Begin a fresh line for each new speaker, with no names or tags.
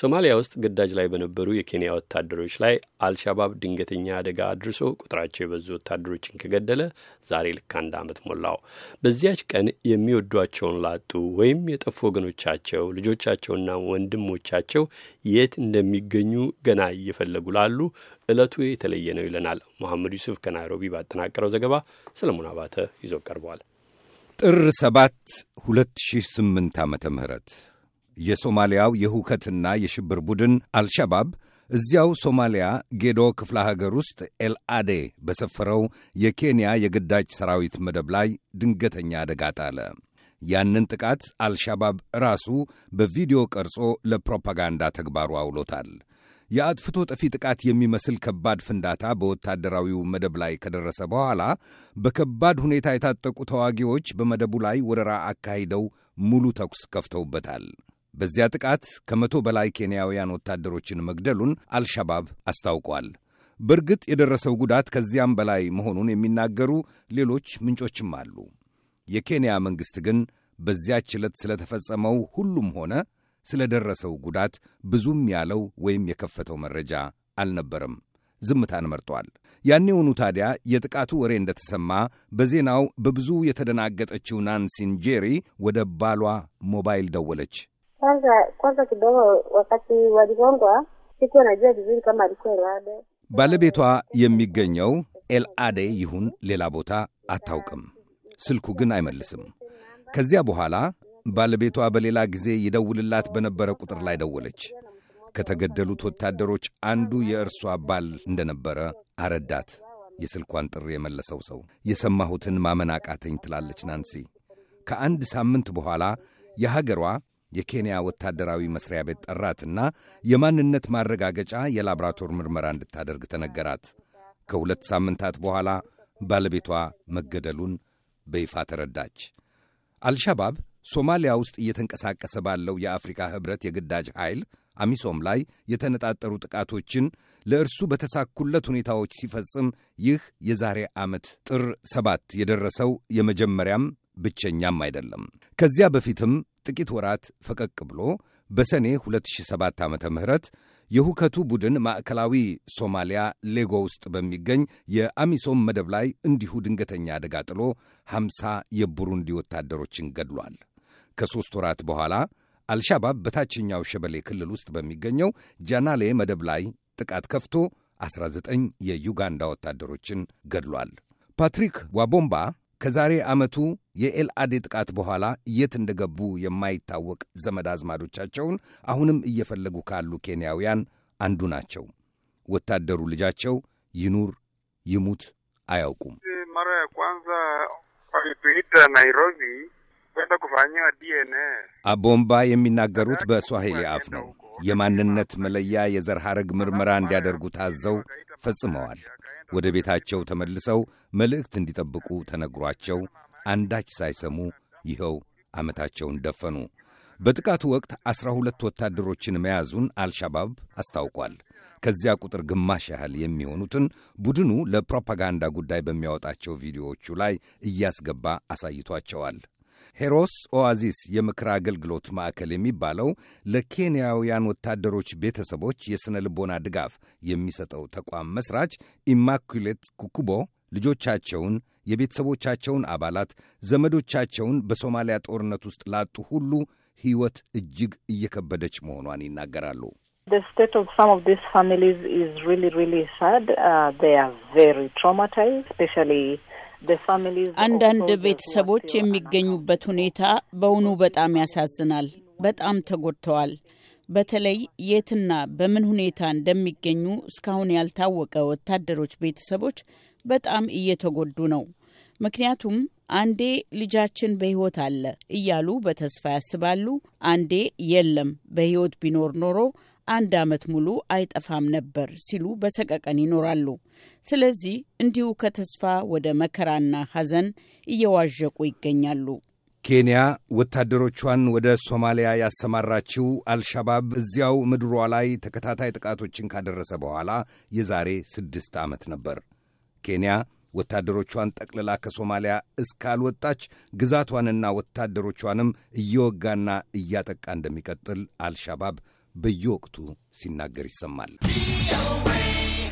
ሶማሊያ ውስጥ ግዳጅ ላይ በነበሩ የኬንያ ወታደሮች ላይ አልሻባብ ድንገተኛ አደጋ አድርሶ ቁጥራቸው የበዙ ወታደሮችን ከገደለ ዛሬ ልክ አንድ ዓመት ሞላው። በዚያች ቀን የሚወዷቸውን ላጡ ወይም የጠፉ ወገኖቻቸው ልጆቻቸውና ወንድሞቻቸው የት እንደሚገኙ ገና እየፈለጉ ላሉ እለቱ የተለየ ነው ይለናል መሐመድ ዩሱፍ ከናይሮቢ ባጠናቀረው ዘገባ ሰለሞን አባተ ይዞ ቀርበዋል። ጥር 7 2008 ዓ ም የሶማሊያው የሁከትና የሽብር ቡድን አልሸባብ እዚያው ሶማሊያ ጌዶ ክፍለ ሀገር ውስጥ ኤልአዴ በሰፈረው የኬንያ የግዳጅ ሰራዊት መደብ ላይ ድንገተኛ አደጋ ጣለ። ያንን ጥቃት አልሻባብ ራሱ በቪዲዮ ቀርጾ ለፕሮፓጋንዳ ተግባሩ አውሎታል። የአጥፍቶ ጠፊ ጥቃት የሚመስል ከባድ ፍንዳታ በወታደራዊው መደብ ላይ ከደረሰ በኋላ በከባድ ሁኔታ የታጠቁ ተዋጊዎች በመደቡ ላይ ወረራ አካሂደው ሙሉ ተኩስ ከፍተውበታል። በዚያ ጥቃት ከመቶ በላይ ኬንያውያን ወታደሮችን መግደሉን አልሻባብ አስታውቋል። በእርግጥ የደረሰው ጉዳት ከዚያም በላይ መሆኑን የሚናገሩ ሌሎች ምንጮችም አሉ። የኬንያ መንግሥት ግን በዚያች ዕለት ስለተፈጸመው ሁሉም ሆነ ስለደረሰው ጉዳት ብዙም ያለው ወይም የከፈተው መረጃ አልነበረም። ዝምታን መርጧል። ያኔውኑ ታዲያ የጥቃቱ ወሬ እንደተሰማ በዜናው በብዙ የተደናገጠችው ናንሲን ጄሪ ወደ ባሏ ሞባይል ደወለች። ባለቤቷ የሚገኘው ኤልአዴ ይሁን ሌላ ቦታ አታውቅም። ስልኩ ግን አይመልስም። ከዚያ በኋላ ባለቤቷ በሌላ ጊዜ ይደውልላት በነበረ ቁጥር ላይ ደወለች። ከተገደሉት ወታደሮች አንዱ የእርሷ ባል እንደነበረ አረዳት። የስልኳን ጥሪ የመለሰው ሰው የሰማሁትን ማመን አቃተኝ ትላለች ናንሲ። ከአንድ ሳምንት በኋላ የሀገሯ የኬንያ ወታደራዊ መስሪያ ቤት ጠራትና የማንነት ማረጋገጫ የላብራቶር ምርመራ እንድታደርግ ተነገራት። ከሁለት ሳምንታት በኋላ ባለቤቷ መገደሉን በይፋ ተረዳች። አልሻባብ ሶማሊያ ውስጥ እየተንቀሳቀሰ ባለው የአፍሪካ ህብረት የግዳጅ ኃይል አሚሶም ላይ የተነጣጠሩ ጥቃቶችን ለእርሱ በተሳኩለት ሁኔታዎች ሲፈጽም ይህ የዛሬ ዓመት ጥር ሰባት የደረሰው የመጀመሪያም ብቸኛም አይደለም። ከዚያ በፊትም ጥቂት ወራት ፈቀቅ ብሎ በሰኔ 2007 ዓ ም የሁከቱ ቡድን ማዕከላዊ ሶማሊያ ሌጎ ውስጥ በሚገኝ የአሚሶም መደብ ላይ እንዲሁ ድንገተኛ አደጋ ጥሎ 50 የቡሩንዲ ወታደሮችን ገድሏል። ከሦስት ወራት በኋላ አልሻባብ በታችኛው ሸበሌ ክልል ውስጥ በሚገኘው ጃናሌ መደብ ላይ ጥቃት ከፍቶ 19 የዩጋንዳ ወታደሮችን ገድሏል። ፓትሪክ ዋቦምባ ከዛሬ ዓመቱ የኤልአዴ ጥቃት በኋላ የት እንደገቡ የማይታወቅ ዘመድ አዝማዶቻቸውን አሁንም እየፈለጉ ካሉ ኬንያውያን አንዱ ናቸው። ወታደሩ ልጃቸው ይኑር ይሙት አያውቁም። ማራ ያ ኳንዛ ናይሮቢ አቦምባ የሚናገሩት በስዋሂሊ አፍ ነው። የማንነት መለያ የዘር ሐረግ ምርመራ እንዲያደርጉ ታዘው ፈጽመዋል። ወደ ቤታቸው ተመልሰው መልእክት እንዲጠብቁ ተነግሯቸው አንዳች ሳይሰሙ ይኸው ዓመታቸውን ደፈኑ። በጥቃቱ ወቅት ዐሥራ ሁለት ወታደሮችን መያዙን አልሻባብ አስታውቋል። ከዚያ ቁጥር ግማሽ ያህል የሚሆኑትን ቡድኑ ለፕሮፓጋንዳ ጉዳይ በሚያወጣቸው ቪዲዮዎቹ ላይ እያስገባ አሳይቷቸዋል። ሄሮስ ኦአዚስ የምክር አገልግሎት ማዕከል የሚባለው ለኬንያውያን ወታደሮች ቤተሰቦች የሥነ ልቦና ድጋፍ የሚሰጠው ተቋም መስራች ኢማኩሌት ኩኩቦ ልጆቻቸውን፣ የቤተሰቦቻቸውን አባላት፣ ዘመዶቻቸውን በሶማሊያ ጦርነት ውስጥ ላጡ ሁሉ ሕይወት እጅግ እየከበደች መሆኗን ይናገራሉ።
አንዳንድ ቤተሰቦች የሚገኙበት ሁኔታ በውኑ በጣም ያሳዝናል። በጣም ተጎድተዋል። በተለይ የትና በምን ሁኔታ እንደሚገኙ እስካሁን ያልታወቀ ወታደሮች ቤተሰቦች በጣም እየተጎዱ ነው። ምክንያቱም አንዴ ልጃችን በሕይወት አለ እያሉ በተስፋ ያስባሉ፣ አንዴ የለም በሕይወት ቢኖር ኖሮ አንድ ዓመት ሙሉ አይጠፋም ነበር ሲሉ በሰቀቀን ይኖራሉ። ስለዚህ እንዲሁ ከተስፋ ወደ መከራና ሐዘን እየዋዠቁ ይገኛሉ።
ኬንያ ወታደሮቿን ወደ ሶማሊያ ያሰማራችው አልሻባብ እዚያው ምድሯ ላይ ተከታታይ ጥቃቶችን ካደረሰ በኋላ የዛሬ ስድስት ዓመት ነበር። ኬንያ ወታደሮቿን ጠቅልላ ከሶማሊያ እስካልወጣች ግዛቷንና ወታደሮቿንም እየወጋና እያጠቃ እንደሚቀጥል አልሻባብ በየወቅቱ ሲናገር ይሰማል።